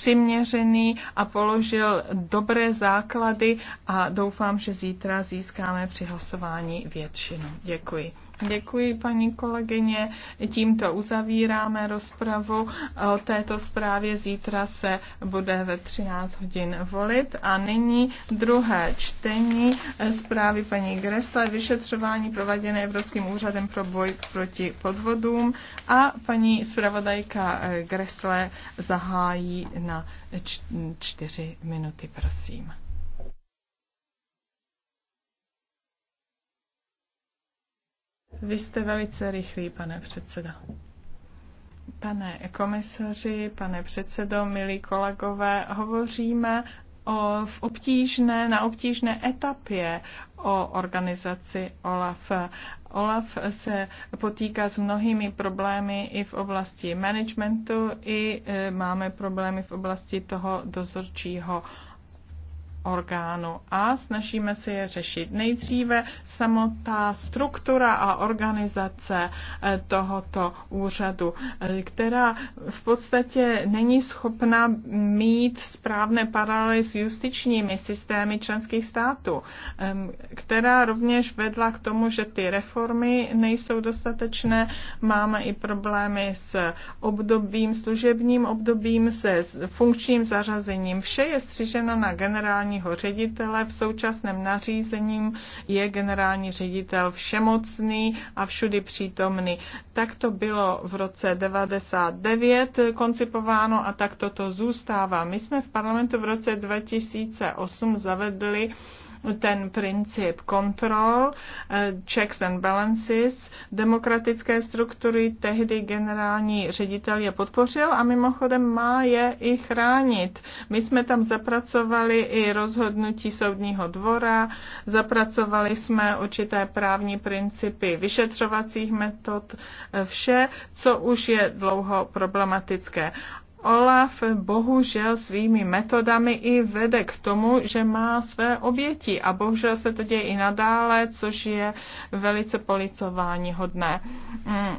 přiměřený a položil dobré základy a doufám, že zítra získáme při hlasování většinu. Děkuji. Děkuji, paní kolegyně. Tímto uzavíráme rozpravu o této zprávě. Zítra se bude ve 13 hodin volit. A nyní druhé čtení zprávy paní Gresle, vyšetřování prováděné Evropským úřadem pro boj proti podvodům. A paní zpravodajka eh, Gresle zahájí na čtyři minuty, prosím. Vy jste velice rychlý, pane předseda. Pane komisaři, pane předsedo, milí kolegové, hovoříme o, v obtížné, na obtížné etapě o organizaci OLAF. OLAF se potýká s mnohými problémy i v oblasti managementu, i e, máme problémy v oblasti toho dozorčího orgánu a snažíme se je řešit. Nejdříve samotná struktura a organizace eh, tohoto úřadu, eh, která v podstatě není schopna mít správné paralely s justičními systémy členských států, která rovněž vedla k tomu, že ty reformy nejsou dostatečné. Máme i problémy s obdobím, služebním obdobím, se funkčním zařazením. Vše je střiženo na generální generálního ředitele. V současném nařízením je generální ředitel všemocný a všudy přítomný. Tak to bylo v roce 99 koncipováno a tak toto zůstává. My jsme v parlamentu v roce 2008 zavedli ten princip kontrol, eh, checks and balances, demokratické struktury tehdy generální ředitel je podpořil a mimochodem má je i chránit. My jsme tam zapracovali i rozhodnutí soudního dvora, zapracovali jsme určité právní principy vyšetřovacích metod, eh, vše, co už je dlouho problematické. Olaf bohužel svými metodami i vede k tomu, že má své oběti a bohužel se to děje i nadále, což je velice policování hodné. Mm,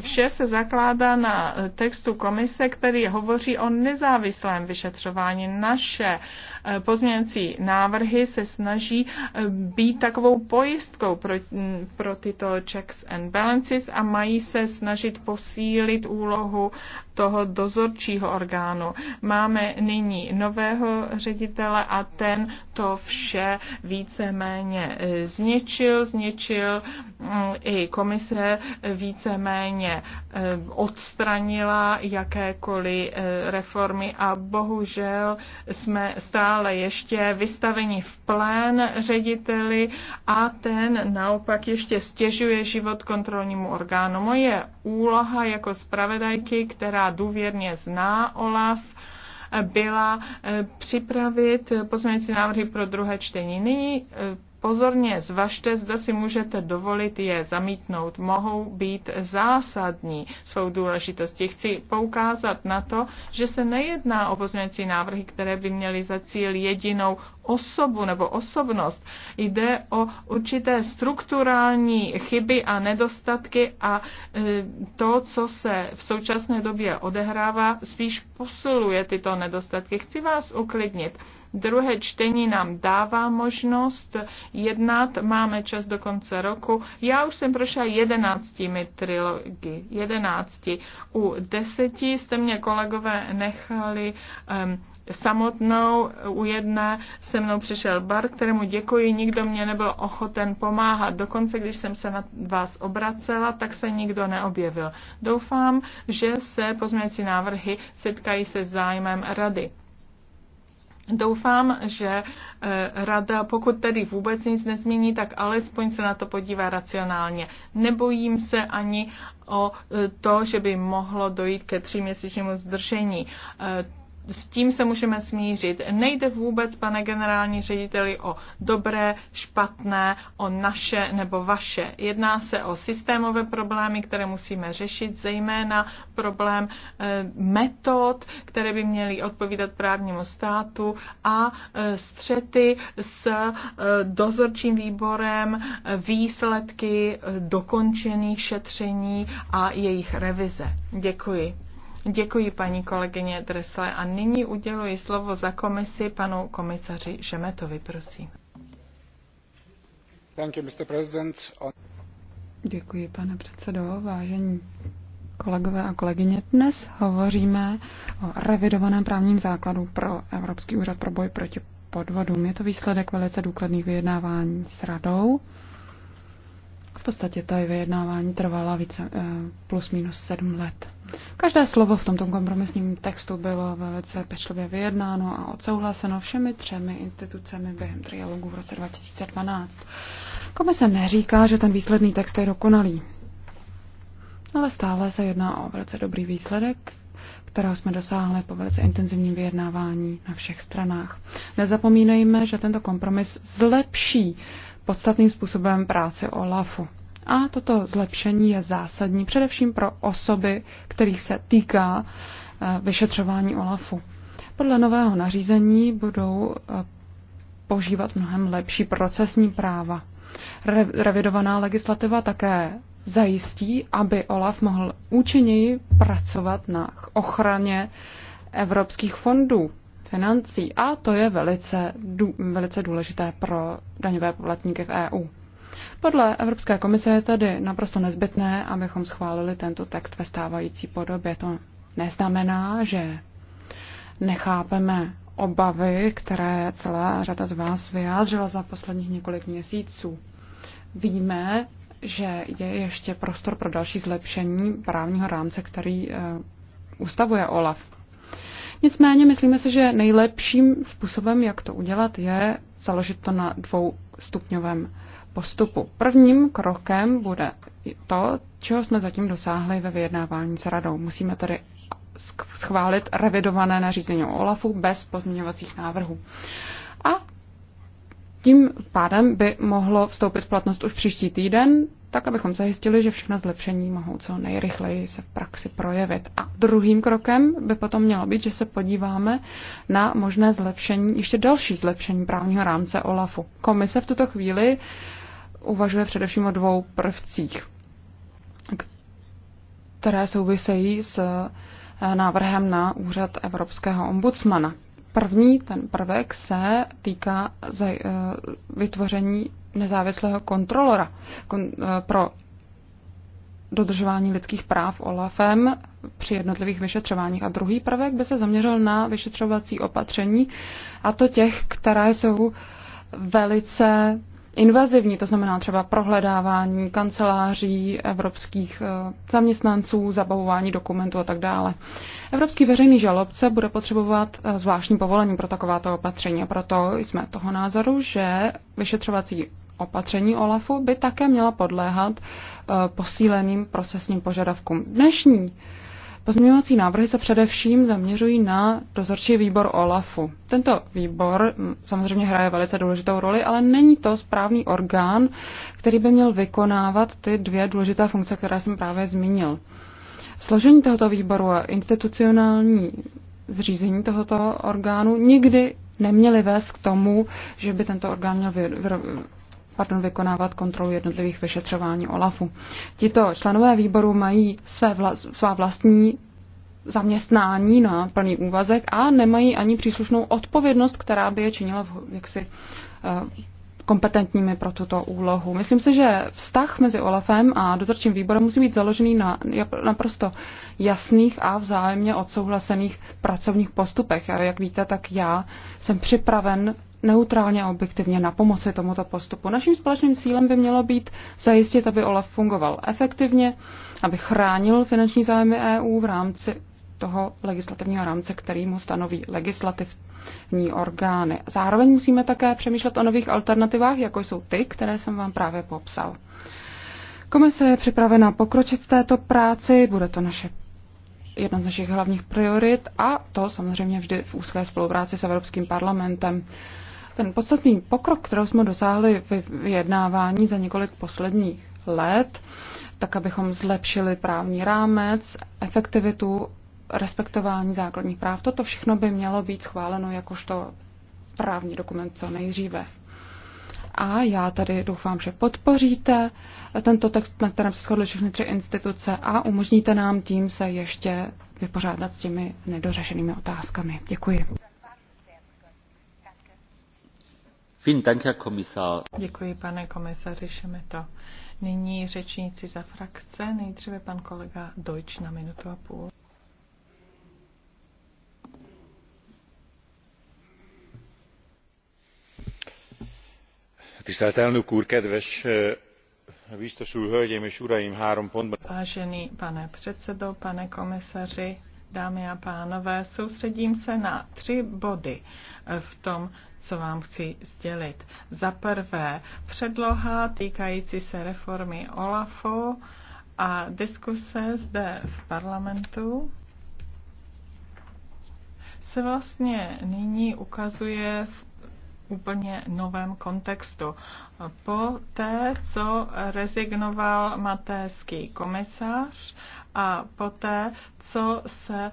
vše se zakládá na textu komise, který hovoří o nezávislém vyšetřování. Naše eh, pozměňující návrhy se snaží eh, být takovou pojistkou pro, mm, pro tyto checks and balances a mají se snažit posílit úlohu toho dozorčího orgánu. Máme nyní nového ředitele a ten to vše víceméně eh, zničil, zničil mm, i komise víceméně víceméně eh, odstranila jakékoliv eh, reformy a bohužel jsme stále ještě vystaveni v plén řediteli a ten naopak ještě stěžuje život kontrolnímu orgánu. Moje úloha jako zpravedajky, která důvěrně zná OLAF, eh, byla připravit pozměňující návrhy pro druhé čtení. Nyní pozorně zvažte, zda si můžete dovolit je zamítnout. Mohou být zásadní svou důležitosti. Chci poukázat na to, že se nejedná o pozměňující návrhy, které by měly za cíl jedinou osobu nebo osobnost. Jde o určité strukturální chyby a nedostatky a e, to, co se v současné době odehrává, spíš posiluje tyto nedostatky. Chci vás uklidnit. Druhé čtení nám dává možnost jednat, máme čas do konce roku. Já už jsem prošla jedenáctimi trilogy, jedenácti. U deseti jste mě kolegové nechali um, samotnou. U jedné se mnou přišel bar, kterému děkuji, nikdo mě nebyl ochoten pomáhat. Dokonce, když jsem se na vás obracela, tak se nikdo neobjevil. Doufám, že se pozměňující návrhy setkají se zájmem rady. Doufám, že eh, rada, pokud tedy vůbec nic nezmění, tak alespoň se na to podívá racionálně. Nebojím se ani o eh, to, že by mohlo dojít ke tříměsíčnímu zdržení. Eh, s tím se můžeme smířit. Nejde vůbec, pane generální řediteli, o dobré, špatné, o naše nebo vaše. Jedná se o systémové problémy, které musíme řešit, zejména problém e, metod, které by měly odpovídat právnímu státu a e, střety s e, dozorčím výborem, výsledky dokončených šetření a jejich revize. Děkuji. Děkuji paní kolegyně Dresle a nyní uděluji slovo za komisi panu komisaři Šemetovi, prosím. Thank you, Mr. President. Děkuji, pane předsedo, vážení kolegové a kolegyně. Dnes hovoříme o revidovaném právním základu pro Evropský úřad pro boj proti podvodům. Je to výsledek velice důkladných vyjednávání s radou podstatě ta vyjednávání trvala více, eh, plus minus sedm let. Každé slovo v tomto kompromisním textu bylo velice pečlivě vyjednáno a odsouhlaseno všemi třemi institucemi během trialogu v roce 2012. Komise neříká, že ten výsledný text je dokonalý, ale stále se jedná o velice dobrý výsledek, kterého jsme dosáhli po velice intenzivním vyjednávání na všech stranách. Nezapomínejme, že tento kompromis zlepší podstatným způsobem práci OLAFu. A toto zlepšení je zásadní především pro osoby, kterých se týká eh, vyšetřování OLAFu. Podle nového nařízení budou eh, požívat mnohem lepší procesní práva. Revidovaná legislativa také zajistí, aby OLAF mohl účinněji pracovat na ochraně evropských fondů financí a to je velice, dů, velice důležité pro daňové poplatníky v EU. Podle Evropské komise je tedy naprosto nezbytné, abychom schválili tento text ve stávající podobě. To neznamená, že nechápeme obavy, které celá řada z vás vyjádřila za posledních několik měsíců. Víme, že je ještě prostor pro další zlepšení právního rámce, který eh, ustavuje OLAF. Nicméně myslíme si, že nejlepším způsobem, jak to udělat, je založit to na dvoustupňovém postupu. Prvním krokem bude to, čeho jsme zatím dosáhli ve vyjednávání s radou. Musíme tedy schválit revidované nařízení OLAFu bez pozměňovacích návrhů. Tím pádem by mohlo vstoupit v platnost už příští týden, tak abychom zajistili, že všechna zlepšení mohou co nejrychleji se v praxi projevit. A druhým krokem by potom mělo být, že se podíváme na možné zlepšení, ještě další zlepšení právního rámce OLAFu. Komise v tuto chvíli uvažuje především o dvou prvcích, které souvisejí s eh, návrhem na úřad Evropského ombudsmana. První, ten prvek se týká eh, vytvoření nezávislého kontrolora eh, pro dodržování lidských práv OLAFem při jednotlivých vyšetřováních. A druhý prvek by se zaměřil na vyšetřovací opatření, a to těch, která jsou velice invazivní, to znamená třeba prohledávání kanceláří evropských eh, zaměstnanců, zabavování dokumentů a tak dále. Evropský veřejný žalobce bude potřebovat eh, zvláštní povolení pro takováto opatření proto jsme toho názoru, že vyšetřovací opatření OLAFu by také měla podléhat eh, posíleným procesním požadavkům. Dnešní Pozměňovací návrhy se především zaměřují na dozorčí výbor OLAFu. Tento výbor mm, samozřejmě hraje velice důležitou roli, ale není to správný orgán, který by měl vykonávat ty dvě důležité funkce, které jsem právě zmínil. Složení tohoto výboru a institucionální zřízení tohoto orgánu nikdy neměly vést k tomu, že by tento orgán měl pardon, vykonávat kontrolu jednotlivých vyšetřování OLAFu. Tito členové výboru mají své vla, svá vlastní zaměstnání na plný úvazek a nemají ani příslušnou odpovědnost, která by je činila v, jaksi, eh, kompetentními pro tuto úlohu. Myslím si, že vztah mezi OLAFem a dozorčím výborem musí být založený na naprosto jasných a vzájemně odsouhlasených pracovních postupech. A jak víte, tak já jsem připraven neutrálně a objektivně na pomoci tomuto postupu. Naším společným cílem by mělo být zajistit, aby OLAF fungoval efektivně, aby chránil finanční zájmy EU v rámci toho legislativního rámce, který mu stanoví legislativní orgány. Zároveň musíme také přemýšlet o nových alternativách, jako jsou ty, které jsem vám právě popsal. Komise je připravena pokročit v této práci, bude to naše jedna z našich hlavních priorit a to samozřejmě vždy v úzké spolupráci s Evropským parlamentem. Ten podstatný pokrok, kterou jsme dosáhli v vyjednávání za několik posledních let, tak abychom zlepšili právní rámec, efektivitu respektování základních práv, toto všechno by mělo být schváleno jakožto právní dokument co nejdříve. A já tady doufám, že podpoříte tento text, na kterém se shodly všechny tři instituce a umožníte nám tím se ještě vypořádat s těmi nedořešenými otázkami. Děkuji. Děkuji, pane komisaři Šemeto. Nyní řečníci za frakce, nejdříve pan kolega Deutsch na minutu a půl. Eh, Vážený pane předsedo, pane komisaři, dámy a pánové, soustředím se na tři body v tom, co vám chci sdělit. Za prvé, předloha týkající se reformy OLAFu a diskuse zde v parlamentu se vlastně nyní ukazuje v úplně novém kontextu. Po té, co rezignoval matéský komisář a po té, co se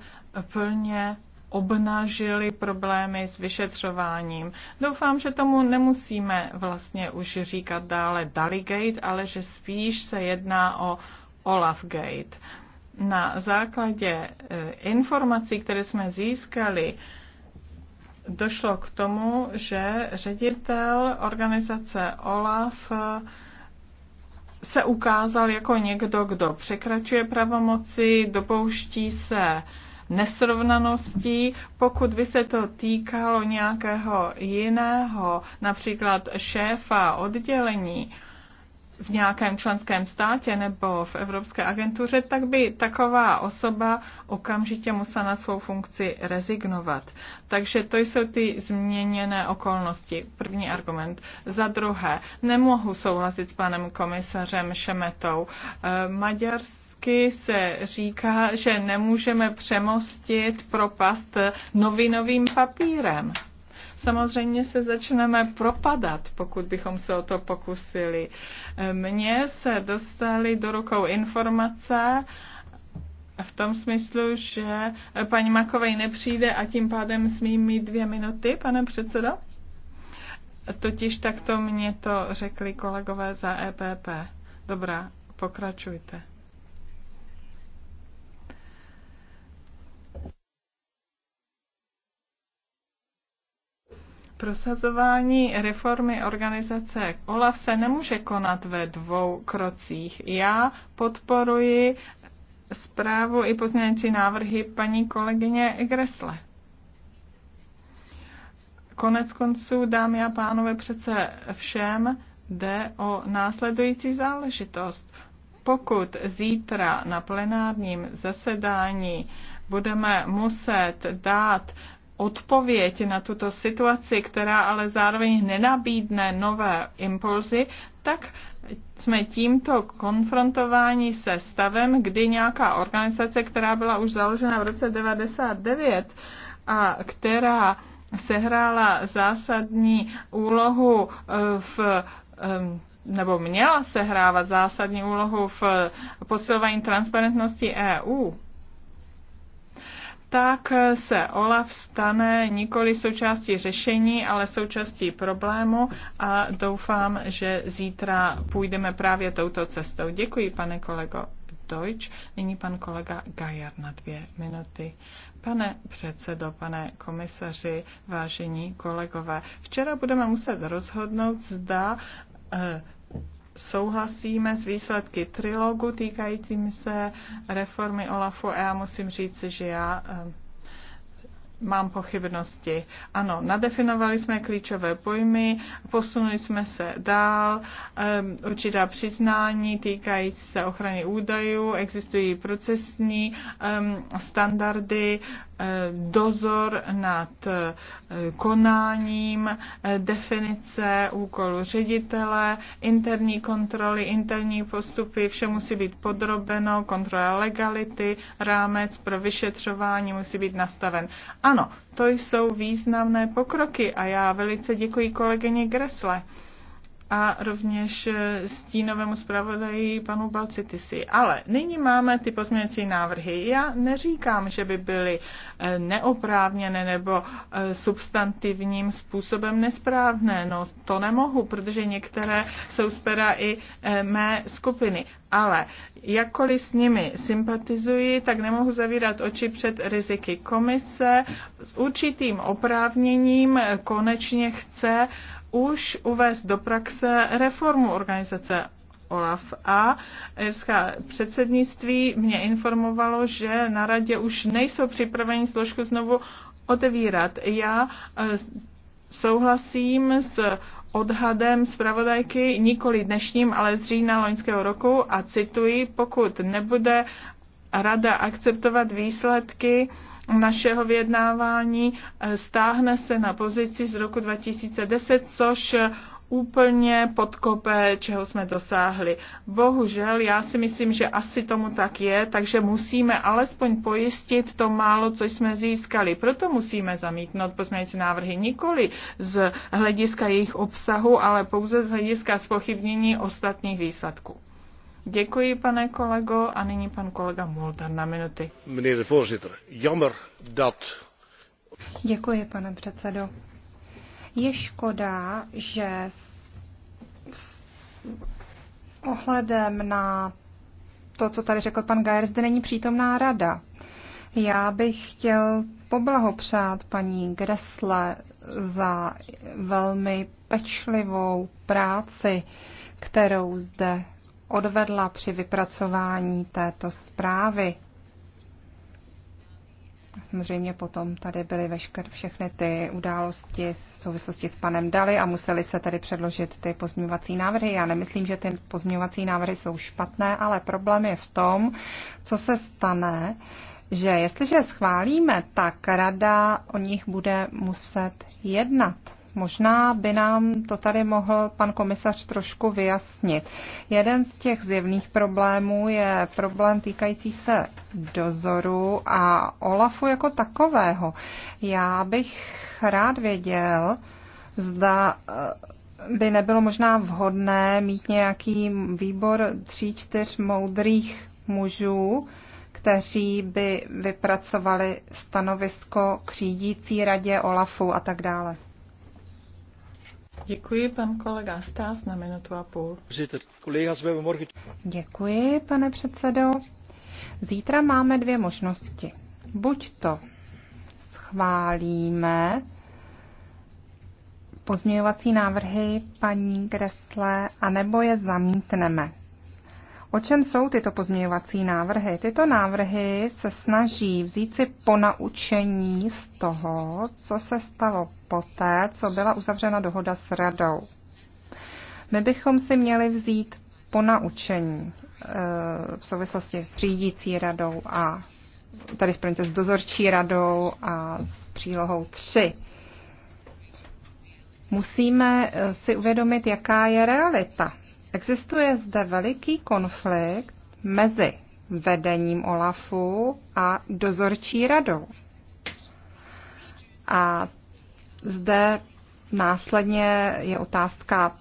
plně obnažili problémy s vyšetřováním. Doufám, že tomu nemusíme vlastně už říkat dále Daligate, ale že spíš se jedná o Olafgate. Na základě eh, informací, které jsme získali, došlo k tomu, že ředitel organizace OLAF eh, se ukázal jako někdo, kdo překračuje pravomoci, dopouští se nesrovnaností. Pokud by se to týkalo nějakého jiného, například šéfa oddělení, v nějakém členském státě nebo v Evropské agentuře, tak by taková osoba okamžitě musela na svou funkci rezignovat. Takže to jsou ty změněné okolnosti. První argument. Za druhé, nemohu souhlasit s panem komisařem Šemetou. E, maďarsky se říká, že nemůžeme přemostit propast novinovým papírem samozřejmě se začneme propadat, pokud bychom se o to pokusili. Mně se dostaly do rukou informace, v tom smyslu, že paní Makovej nepřijde a tím pádem smím mít dvě minuty, pane předsedo? Totiž takto mě to řekli kolegové za EPP. Dobrá, pokračujte. Prosazování reformy organizace OLAF se nemůže konat ve dvou krocích. Já podporuji zprávu i pozměňující návrhy paní kolegyně Gresle. Konec konců, dámy a pánové, přece všem jde o následující záležitost. Pokud zítra na plenárním zasedání budeme muset dát odpověď na tuto situaci, která ale zároveň nenabídne nové impulzy, tak jsme tímto konfrontováni se stavem, kdy nějaká organizace, která byla už založena v roce 99 a která sehrála zásadní úlohu eh, v nebo měla sehrávat zásadní úlohu v posilování transparentnosti EU, tak se OLAF stane nikoli součástí řešení, ale součástí problému a doufám, že zítra půjdeme právě touto cestou. Děkuji, pane kolego Deutsch. Nyní pan kolega Gajar na dvě minuty. Pane předsedo, pane komisaři, vážení kolegové, včera budeme muset rozhodnout, zda eh, souhlasíme s výsledky trilogu týkajícími se reformy OLAFu a já musím říct, že já eh, mám pochybnosti. Ano, nadefinovali jsme klíčové pojmy, posunuli jsme se dál, um, určitá přiznání týkající se ochrany údajů, existují procesní um, standardy, dozor nad eh, konáním, eh, definice úkolu ředitele, interní kontroly, interní postupy, vše musí být podrobeno, kontrola legality, rámec pro vyšetřování musí být nastaven. Ano, to jsou významné pokroky a já velice děkuji kolegyně Gresle a rovněž stínovému zpravodaji panu Balcitisi. Ale nyní máme ty pozměňovací návrhy. Já neříkám, že by byly eh, neoprávněné nebo eh, substantivním způsobem nesprávné. No, to nemohu, protože některé jsou z pera i eh, mé skupiny. Ale jakkoliv s nimi sympatizuji, tak nemohu zavírat oči před riziky. Komise s určitým oprávněním konečně chce už uvést do praxe reformu organizace OLAF a irská předsednictví mě informovalo, že na radě už nejsou připraveni složku znovu otevírat. Já eh, souhlasím s odhadem zpravodajky nikoli dnešním, ale z října loňského roku a cituji, pokud nebude rada akceptovat výsledky našeho vyjednávání, e, stáhne se na pozici z roku 2010, což úplně podkope, čeho jsme dosáhli. Bohužel, já si myslím, že asi tomu tak je, takže musíme alespoň pojistit to málo, co jsme získali. Proto musíme zamítnout pozměňující návrhy nikoli z hlediska jejich obsahu, ale pouze z hlediska spochybnění ostatních výsledků. Děkuji, pane kolego, a nyní pan kolega Moldar na minuty. dat... Děkuji, pane předsedo. Je škoda, že s ohledem na to, co tady řekl pan Gajer, zde není přítomná rada. Já bych chtěl poblahopřát paní Gresle za velmi pečlivou práci, kterou zde odvedla při vypracování této zprávy. Samozřejmě potom tady byly vešker, všechny ty události v souvislosti s panem Dali a museli se tady předložit ty pozměňovací návrhy. Já nemyslím, že ty pozměňovací návrhy jsou špatné, ale problém je v tom, co se stane, že jestliže schválíme, tak rada o nich bude muset jednat. Možná by nám to tady mohl pan komisař trošku vyjasnit. Jeden z těch zjevných problémů je problém týkající se dozoru a OLAFu jako takového. Já bych rád věděl, zda eh, by nebylo možná vhodné mít nějaký výbor tří, čtyř moudrých mužů, kteří by vypracovali stanovisko k řídící radě OLAFu a tak dále. Děkuji, pan kolega Stás, na minutu a půl. Děkuji, pane předsedo. Zítra máme dvě možnosti. Buď to schválíme pozměňovací návrhy paní Gresle, anebo je zamítneme. O čem jsou tyto pozměňovací návrhy? Tyto návrhy se snaží vzít si ponaučení z toho, co se stalo poté, co byla uzavřena dohoda s radou. My bychom si měli vzít ponaučení eh, v souvislosti s řídící radou a tady s dozorčí radou a s přílohou 3 musíme eh, si uvědomit, jaká je realita. Existuje zde veliký konflikt mezi vedením OLAFu a dozorčí radou. A zde následně je otázka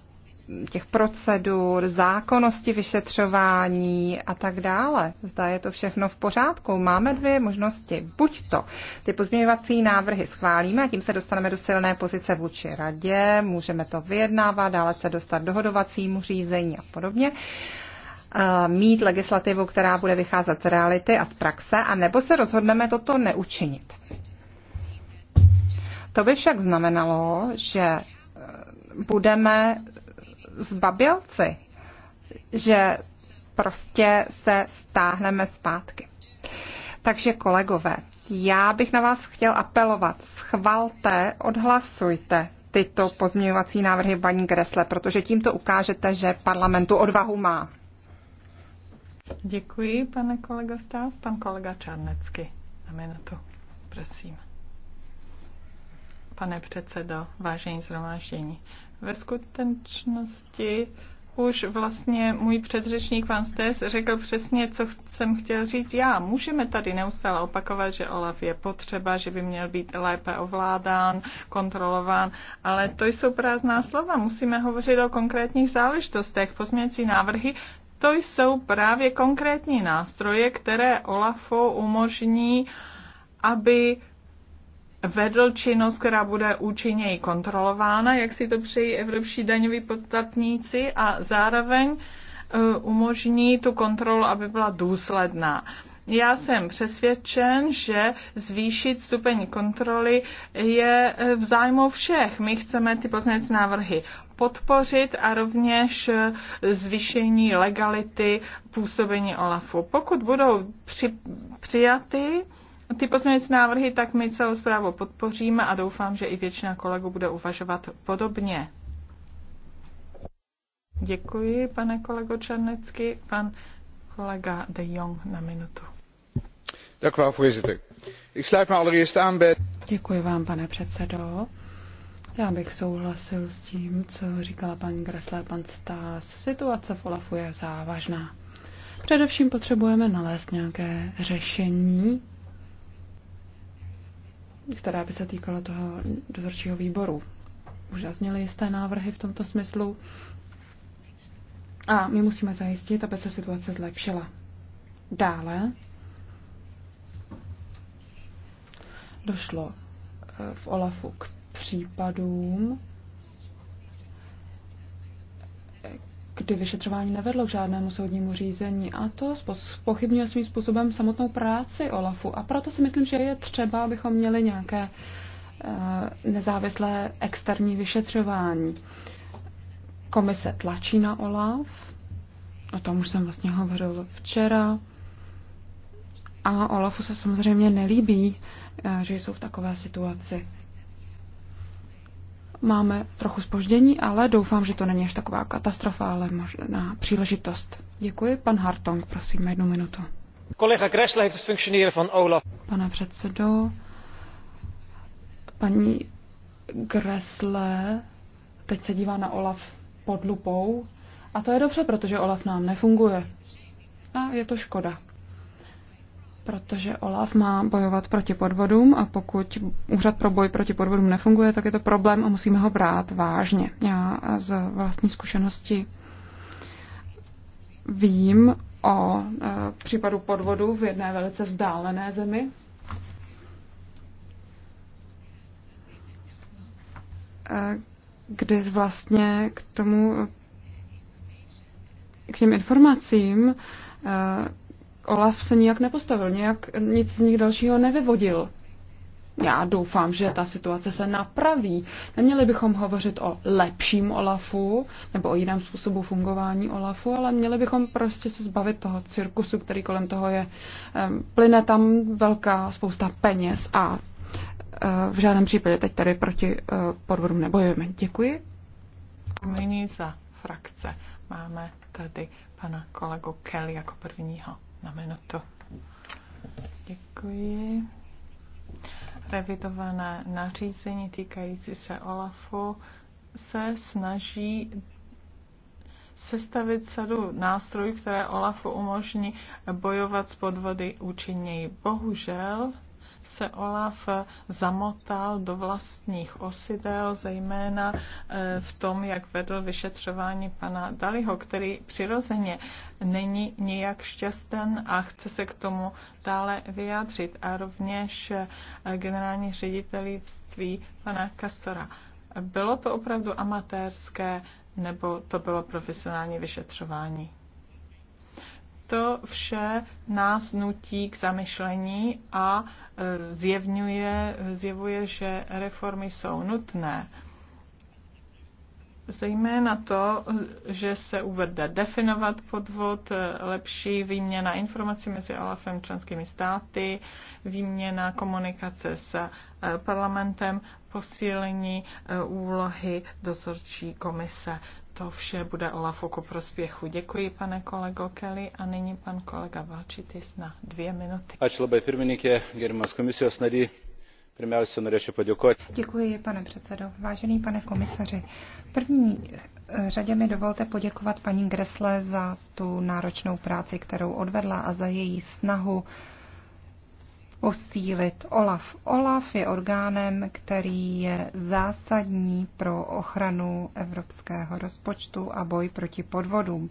těch procedur, zákonnosti vyšetřování a tak dále. Zda je to všechno v pořádku. Máme dvě možnosti. Buď to ty pozměňovací návrhy schválíme a tím se dostaneme do silné pozice vůči radě, můžeme to vyjednávat, dále se dostat dohodovacímu řízení a podobně mít legislativu, která bude vycházet z reality a z praxe, a nebo se rozhodneme toto neučinit. To by však znamenalo, že budeme zbabělci, že prostě se stáhneme zpátky. Takže kolegové, já bych na vás chtěl apelovat, schvalte, odhlasujte tyto pozměňovací návrhy paní Gresle, protože tímto ukážete, že parlamentu odvahu má. Děkuji, pane kolego Stás. Pan kolega Čarnecky na minutu, prosím. Pane předsedo, vážení zhromáždění, ve skutečnosti už vlastně můj předřečník pan Stes řekl přesně, co jsem chtěl říct já. Můžeme tady neustále opakovat, že Olaf je potřeba, že by měl být lépe ovládán, kontrolován, ale to jsou prázdná slova. Musíme hovořit o konkrétních záležitostech. Pozměňující návrhy to jsou právě konkrétní nástroje, které Olafu umožní, aby vedl činnost, která bude účinněji kontrolována, jak si to přejí evropští daňoví podstatníci a zároveň e, umožní tu kontrolu, aby byla důsledná. Já jsem přesvědčen, že zvýšit stupeň kontroly je e, v zájmu všech. My chceme ty poznanec návrhy podpořit a rovněž e, zvýšení legality působení OLAFu. Pokud budou při, přijaty, ty pozměňující návrhy, tak my celou zprávu podpoříme a doufám, že i většina kolegů bude uvažovat podobně. Děkuji, pane kolego Černecky. Pan kolega De Jong na minutu. Děkuji vám, pane předsedo. Já bych souhlasil s tím, co říkala paní Gressler, pan Stas. Situace v Olafu je závažná. Především potřebujeme nalézt nějaké řešení která by se týkala toho dozorčího výboru. Už zazněly jisté návrhy v tomto smyslu a my musíme zajistit, aby se situace zlepšila. Dále došlo eh, v OLAFu k případům, kdy vyšetřování nevedlo k žádnému soudnímu řízení a to pochybňuje svým způsobem samotnou práci Olafu. A proto si myslím, že je třeba, abychom měli nějaké eh, nezávislé externí vyšetřování. Komise tlačí na Olaf, o tom už jsem vlastně hovořil včera, a Olafu se samozřejmě nelíbí, eh, že jsou v takové situaci. Máme trochu spoždění, ale doufám, že to není až taková katastrofa, ale možná příležitost. Děkuji. Pan Hartong, prosím, jednu minutu. Kolega Gressle heeft het functioneren van Olaf. Pane předsedo, paní Gressle teď se dívá na Olaf pod lupou. A to je dobře, protože Olaf nám nefunguje. A je to škoda. Protože OLAF má bojovat proti podvodům a pokud úřad pro boj proti podvodům nefunguje, tak je to problém a musíme ho brát vážně. Já z vlastní zkušenosti vím o e, případu podvodu v jedné velice vzdálené zemi. E, kdy vlastně k tomu, k těm informacím e, Olaf se nijak nepostavil, nějak nic z nich dalšího nevyvodil. Já doufám, že ta situace se napraví. Neměli bychom hovořit o lepším Olafu nebo o jiném způsobu fungování Olafu, ale měli bychom prostě se zbavit toho cirkusu, který kolem toho je. Ehm, plyne tam velká spousta peněz a eh, v žádném případě teď tady proti eh, podvodům nebojujeme. Děkuji. Nyní za frakce máme tady pana kolegu Kelly jako prvního na minutu. Děkuji. Revidované nařízení týkající se OLAFu se snaží sestavit sadu nástrojů, které OLAFu umožní bojovat s podvody účinněji. Bohužel se Olaf zamotal do vlastních osidel, zejména eh, v tom, jak vedl vyšetřování pana Daliho, který přirozeně není nijak šťasten a chce se k tomu dále vyjádřit. A rovněž eh, generální ředitelství pana Kastora. Bylo to opravdu amatérské nebo to bylo profesionální vyšetřování? To vše nás nutí k zamyšlení a e, zjevňuje, zjevuje, že reformy jsou nutné. Zejména to, že se uvede definovat podvod, e, lepší výměna informací mezi OLAFem členskými státy, výměna komunikace s e, parlamentem, posílení úlohy dozorčí komise to vše bude Olafu ku prospěchu. Děkuji, pane kolego Kelly. A nyní pan kolega Valčitis na dvě minuty. Ač labai pirmininkė, gerimas komisijos nary. Pirmiausia, norėčiau poděkovat. Děkuji, pane předsedo. Vážený pane komisaři, v první řadě mi dovolte poděkovat paní Gresle za tu náročnou práci, kterou odvedla a za její snahu uh, posílit OLAF. OLAF je orgánem, který je zásadní pro ochranu evropského rozpočtu a boj proti podvodům.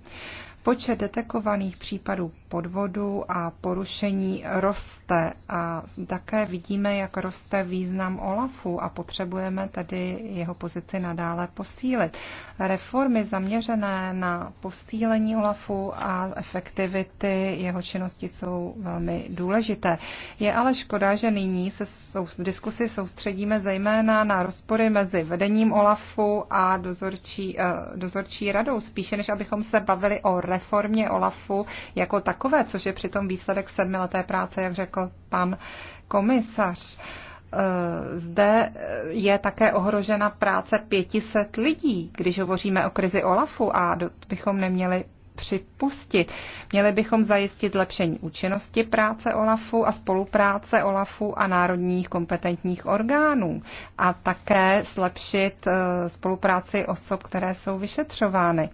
Počet detekovaných případů podvodu a porušení roste a také vidíme, jak roste význam OLAFu a potřebujeme tedy jeho pozici nadále posílit. Reformy zaměřené na posílení OLAFu a efektivity jeho činnosti jsou velmi důležité. Je ale škoda, že nyní se v diskusi soustředíme zejména na rozpory mezi vedením OLAFu a dozorčí, eh, dozorčí radou, spíše než abychom se bavili o reformě OLAFu jako takové, což je přitom výsledek sedmileté práce, jak řekl pan komisař. Eh, zde je také ohrožena práce 500 lidí, když hovoříme o krizi OLAFu a bychom neměli připustit. Měli bychom zajistit zlepšení účinnosti práce OLAFu a spolupráce OLAFu a národních kompetentních orgánů a také zlepšit eh, spolupráci osob, které jsou vyšetřovány.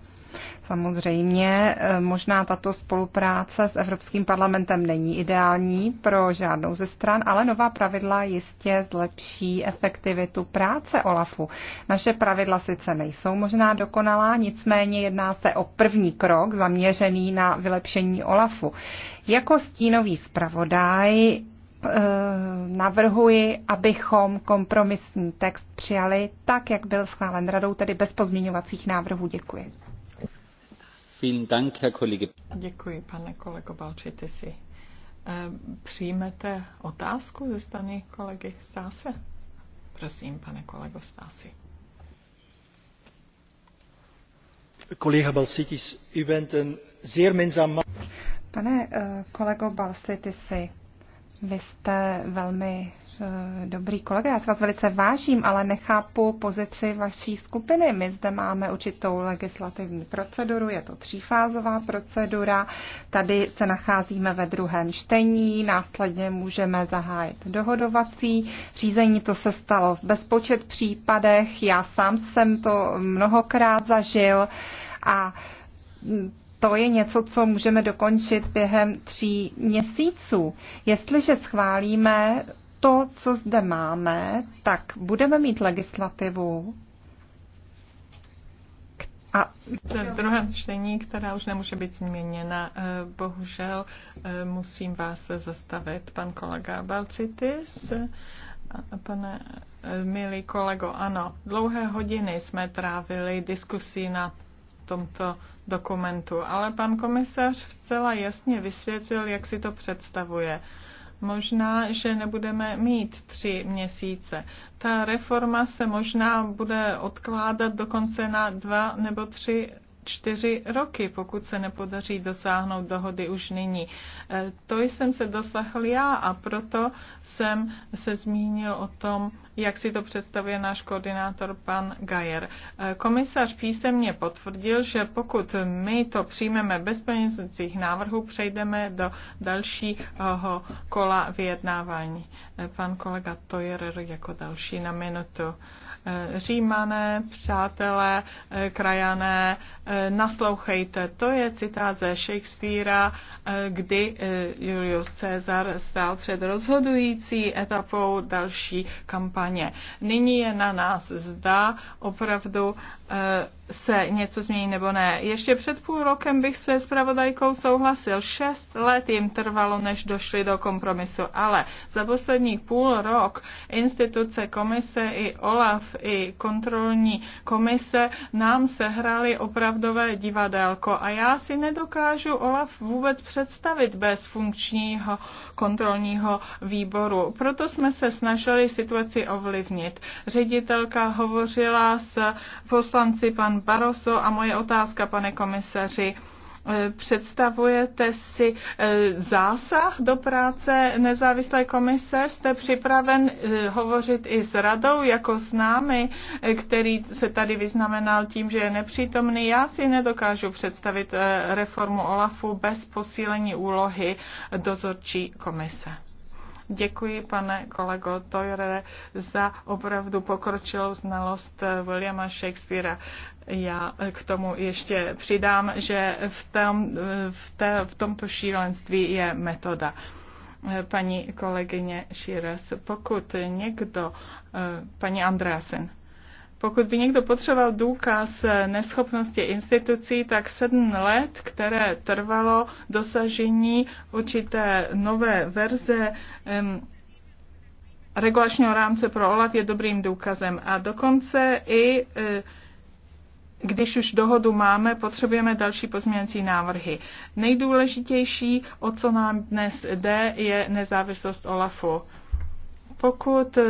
Samozřejmě eh, možná tato spolupráce s Evropským parlamentem není ideální pro žádnou ze stran, ale nová pravidla jistě zlepší efektivitu práce OLAFu. Naše pravidla sice nejsou možná dokonalá, nicméně jedná se o první krok zaměřený na vylepšení OLAFu. Jako stínový zpravodaj eh, navrhuji, abychom kompromisní text přijali tak, jak byl schválen radou, tedy bez pozměňovacích návrhů. Děkuji. Děkuji, pane kolego Balčitisi. Eh, přijmete otázku ze strany kolegy Stáse? Prosím, pane kolego Stáse. Kolega Balsitis, u Pane eh, kolego Balsitisi, vy jste velmi Eh, dobrý kolega, já se vás velice vážím, ale nechápu pozici vaší skupiny. My zde máme určitou legislativní proceduru, je to třífázová procedura, tady se nacházíme ve druhém čtení, následně můžeme zahájit dohodovací řízení, to se stalo v bezpočet případech, já sám jsem to mnohokrát zažil a to je něco, co můžeme dokončit během tří měsíců. Jestliže schválíme to, co zde máme, tak budeme mít legislativu a v druhém čtení, která už nemůže být změněna, eh, bohužel eh, musím vás zastavit, pan kolega Balcitis. Pane eh, milý kolego, ano, dlouhé hodiny jsme trávili diskusí na tomto dokumentu, ale pan komisař vcela jasně vysvětlil, jak si to představuje. Možná, že nebudeme mít tři měsíce. Ta reforma se možná bude odkládat dokonce na dva nebo tři čtyři roky, pokud se nepodaří dosáhnout dohody už nyní. E, to jsem se dosahl já a proto jsem se zmínil o tom, jak si to představuje náš koordinátor pan Gajer. E, komisař písemně potvrdil, že pokud my to přijmeme bez peněznicích návrhů, přejdeme do dalšího kola vyjednávání. E, pan kolega Tojer jako další na minutu. Eh, římané, přátelé, eh, krajané, eh, naslouchejte. To je citát ze Shakespearea, kdy Julius Caesar stál před rozhodující etapou další kampaně. Nyní je na nás, zda opravdu se něco změní nebo ne. Ještě před půl rokem bych se s pravodajkou souhlasil. Šest let jim trvalo, než došli do kompromisu, ale za poslední půl rok instituce komise i OLAF i kontrolní komise nám sehrály opravdové divadélko a já si nedokážu Olaf vůbec představit bez funkčního kontrolního výboru. Proto jsme se snažili situaci ovlivnit. Ředitelka hovořila s poslanci pan Baroso a moje otázka, pane komisaři, Eh, představujete si eh, zásah do práce nezávislé komise? Jste připraven eh, hovořit i s radou, jako s námi, který se tady vyznamenal tím, že je nepřítomný? Já si nedokážu představit reformu OLAFu bez posílení úlohy dozorčí komise. Děkuji, pane kolego Tojere za opravdu pokročilou znalost Williama Shakespearea. Já k tomu ještě přidám, že v, tom, v, té, v tomto šílenství je metoda. Paní kolegyně Šíres, pokud někdo, eh, paní Andreasen, pokud by někdo potřeboval důkaz neschopnosti institucí, tak sedm let, které trvalo dosažení určité nové verze um, regulačního rámce pro OLAF, je dobrým důkazem. A dokonce i uh, když už dohodu máme, potřebujeme další pozměňovací návrhy. Nejdůležitější, o co nám dnes jde, je nezávislost OLAFu pokud eh,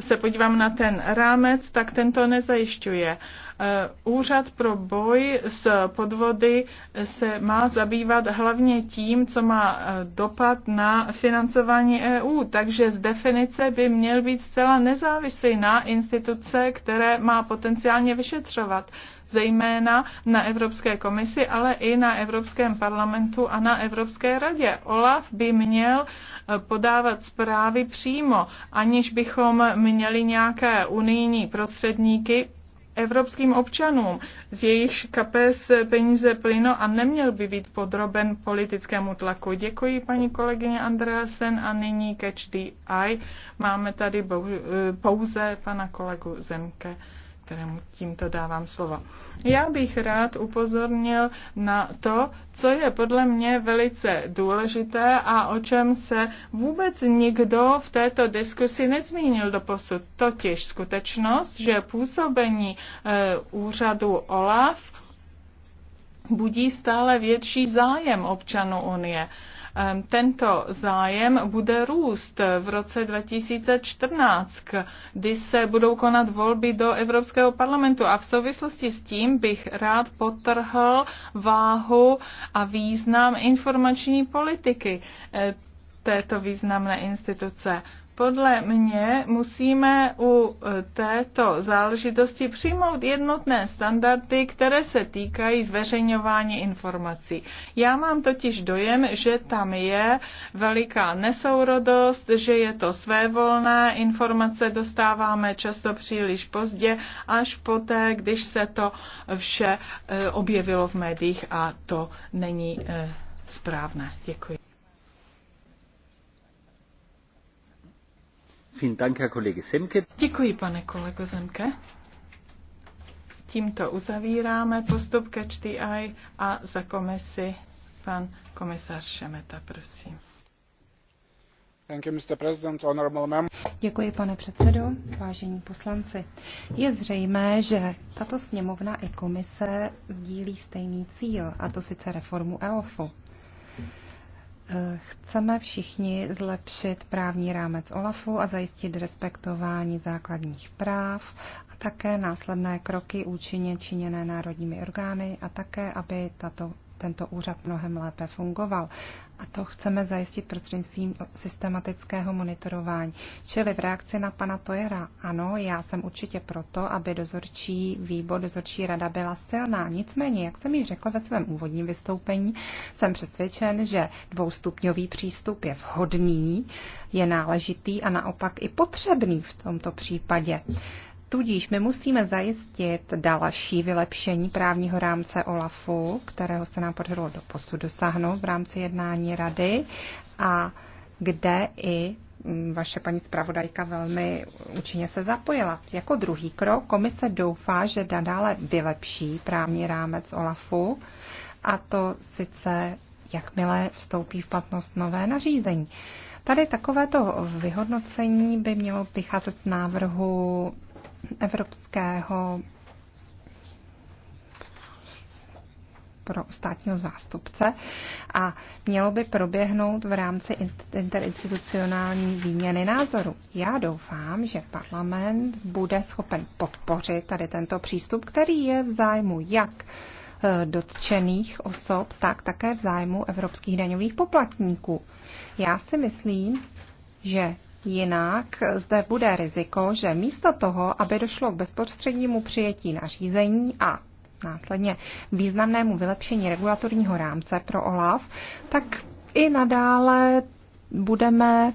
se podívám na ten rámec, tak ten to nezajišťuje. Eh, úřad pro boj s podvody se má zabývat hlavně tím, co má eh, dopad na financování EU, takže z definice by měl být zcela nezávislý na instituce, které má potenciálně vyšetřovat zejména na Evropské komisi, ale i na Evropském parlamentu a na Evropské radě. Olaf by měl eh, podávat zprávy přímo, aniž bychom měli nějaké unijní prostředníky, evropským občanům, z jejich kapes peníze plyno a neměl by být podroben politickému tlaku. Děkuji paní kolegyně Andreasen a nyní catch the eye. Máme tady eh, pouze pana kolegu Zemke kterému tímto dávám slovo. Já bych rád upozornil na to, co je podle mě velice důležité a o čem se vůbec nikdo v této diskusi nezmínil do posud. Totiž skutečnost, že působení e, úřadu OLAF budí stále větší zájem občanů Unie. E, tento zájem bude růst v roce 2014, kdy se budou konat volby do Evropského parlamentu a v souvislosti s tím bych rád potrhl váhu a význam informační politiky eh, této významné instituce. Podle mě musíme u této záležitosti přijmout jednotné standardy, které se týkají zveřejňování informací. Já mám totiž dojem, že tam je veliká nesourodost, že je to svévolné, informace dostáváme často příliš pozdě, až poté, když se to vše eh, objevilo v médiích a to není eh, správné. Děkuji. Děkuji, pane kolego Zemke. Tímto uzavíráme postup ke Eye a za komisi pan komisař Šemeta, prosím. Děkuji, pane předsedo, vážení poslanci. Je zřejmé, že tato sněmovna i komise sdílí stejný cíl, a to sice reformu EOFu. Chceme všichni zlepšit právní rámec OLAFu a zajistit respektování základních práv a také následné kroky účinně činěné národními orgány a také, aby tato tento úřad mnohem lépe fungoval. A to chceme zajistit prostřednictvím systematického monitorování. Čili v reakci na pana Tojera, ano, já jsem určitě proto, aby dozorčí výbor, dozorčí rada byla silná. Nicméně, jak jsem již řekl ve svém úvodním vystoupení, jsem přesvědčen, že dvoustupňový přístup je vhodný, je náležitý a naopak i potřebný v tomto případě. Tudíž my musíme zajistit další vylepšení právního rámce OLAFu, kterého se nám podařilo do posud dosáhnout v rámci jednání rady a kde i mm, vaše paní zpravodajka velmi účinně se zapojila. Jako druhý krok komise doufá, že nadále vylepší právní rámec OLAFu a to sice jakmile vstoupí v platnost nové nařízení. Tady takovéto vyhodnocení by mělo vycházet z návrhu evropského pro státního zástupce a mělo by proběhnout v rámci interinstitucionální výměny názoru. Já doufám, že parlament bude schopen podpořit tady tento přístup, který je v zájmu jak eh, dotčených osob, tak také v zájmu evropských daňových poplatníků. Já si myslím, že Jinak zde bude riziko, že místo toho, aby došlo k bezprostřednímu přijetí nařízení a následně významnému vylepšení regulatorního rámce pro OLAF, tak i nadále budeme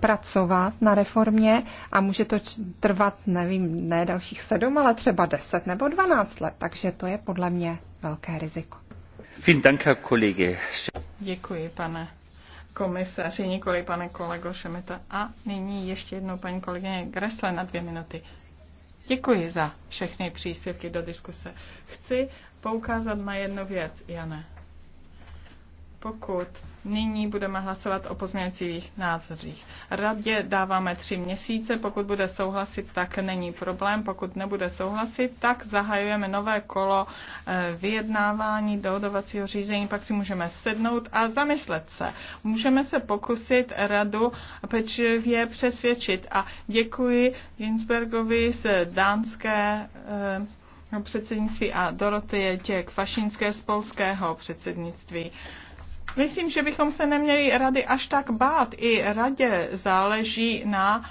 pracovat na reformě a může to trvat, nevím, ne dalších sedm, ale třeba deset nebo dvanáct let. Takže to je podle mě velké riziko. Děkuji, pane komisaři, nikoli pane kolego Šemeta. A nyní ještě jednou paní kolegyně Gresle na dvě minuty. Děkuji za všechny příspěvky do diskuse. Chci poukázat na jednu věc, Jane. Pokud nyní budeme hlasovat o pozměňujících názorích. Radě dáváme tři měsíce, pokud bude souhlasit, tak není problém, pokud nebude souhlasit, tak zahajujeme nové kolo eh, vyjednávání dohodovacího řízení, pak si můžeme sednout a zamyslet se. Můžeme se pokusit radu pečlivě přesvědčit a děkuji Jinsbergovi z dánské eh, předsednictví a Dorotě Děk Fašinské z polského předsednictví. Myslím, že bychom se neměli rady až tak bát. I radě záleží na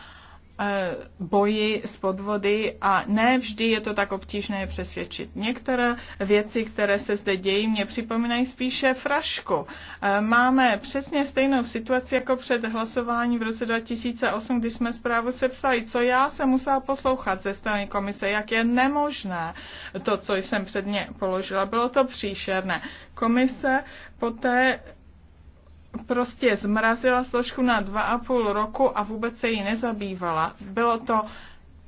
Eh, boji s podvody a ne vždy je to tak obtížné přesvědčit. Některé věci, které se zde dějí, mě připomínají spíše frašku. Eh, máme přesně stejnou situaci jako před hlasováním v roce 2008, když jsme zprávu sepsali. Co já jsem musela poslouchat ze strany komise, jak je nemožné to, co jsem před položila. Bylo to příšerné. Komise poté prostě zmrazila složku na dva a půl roku a vůbec se jí nezabývala. Bylo to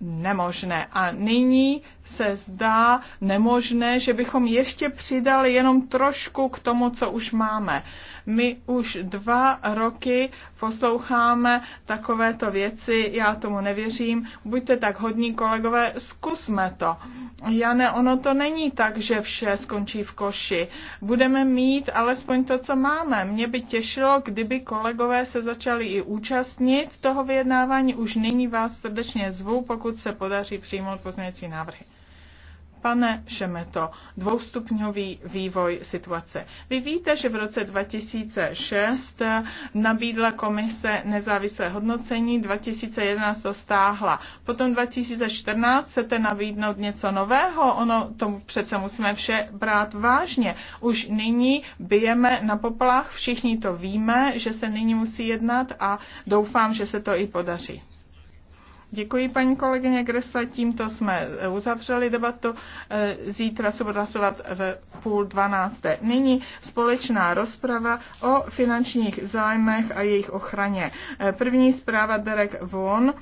nemožné. A nyní se zdá nemožné, že bychom ještě přidali jenom trošku k tomu, co už máme. My už dva roky posloucháme takovéto věci, já tomu nevěřím. Buďte tak hodní, kolegové, zkusme to. Já ne, ono to není tak, že vše skončí v koši. Budeme mít alespoň to, co máme. Mě by těšilo, kdyby kolegové se začali i účastnit toho vyjednávání. Už nyní vás srdečně zvu, pokud se podaří přijmout pozměňující návrhy. Pane Šemeto, dvoustupňový vývoj situace. Vy víte, že v roce 2006 nabídla komise nezávislé hodnocení, 2011 to stáhla. Potom 2014 chcete nabídnout něco nového, ono tomu přece musíme vše brát vážně. Už nyní bijeme na poplach, všichni to víme, že se nyní musí jednat a doufám, že se to i podaří. Děkuji, paní kolegyně Gresle. Tímto jsme eh, uzavřeli debatu. Eh, zítra se bude hlasovat ve půl dvanácté. Nyní společná rozprava o finančních zájmech a jejich ochraně. Eh, první zpráva Derek Von.